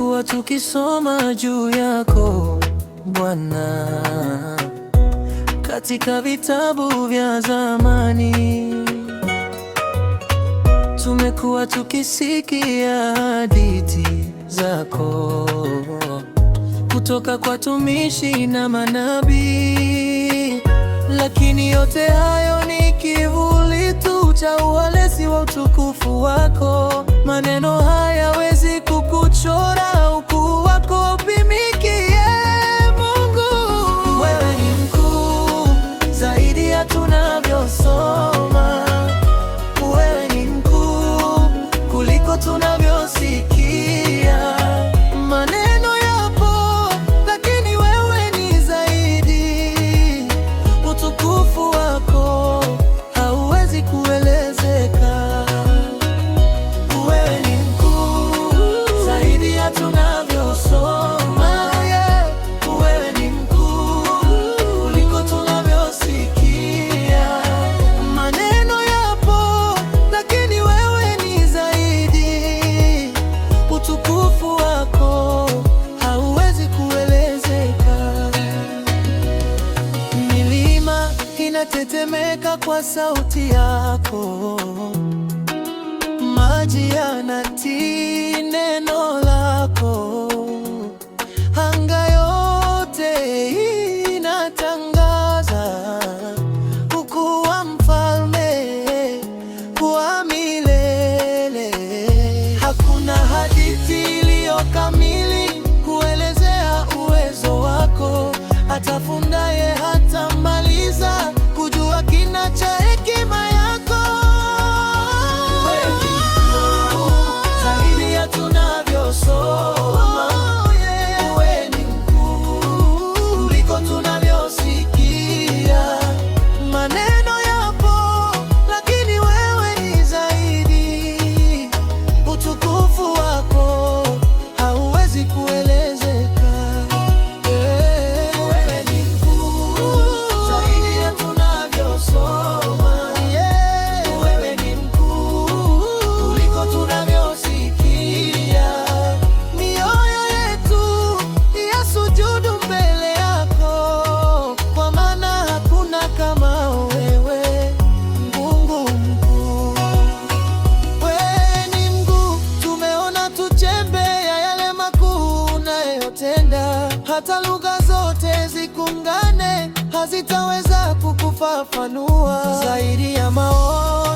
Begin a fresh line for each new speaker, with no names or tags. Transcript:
Tumekuwa tukisoma juu yako Bwana katika vitabu vya zamani, tumekuwa tukisikia hadithi zako kutoka kwa tumishi na manabii, lakini yote hayo ni kivuli tu cha uhalisi wa utukufu wako. Maneno haya chorar. ninatetemeka kwa sauti yako, maji yanatii neno lako, anga yote inatangaza ukuu wa mfalme wa milele. Hakuna hadithi kamili kuelezea uwezo wako, atafundaye fundaye hata lugha zote zikungane hazitaweza kukufafanua zaidi ya maono.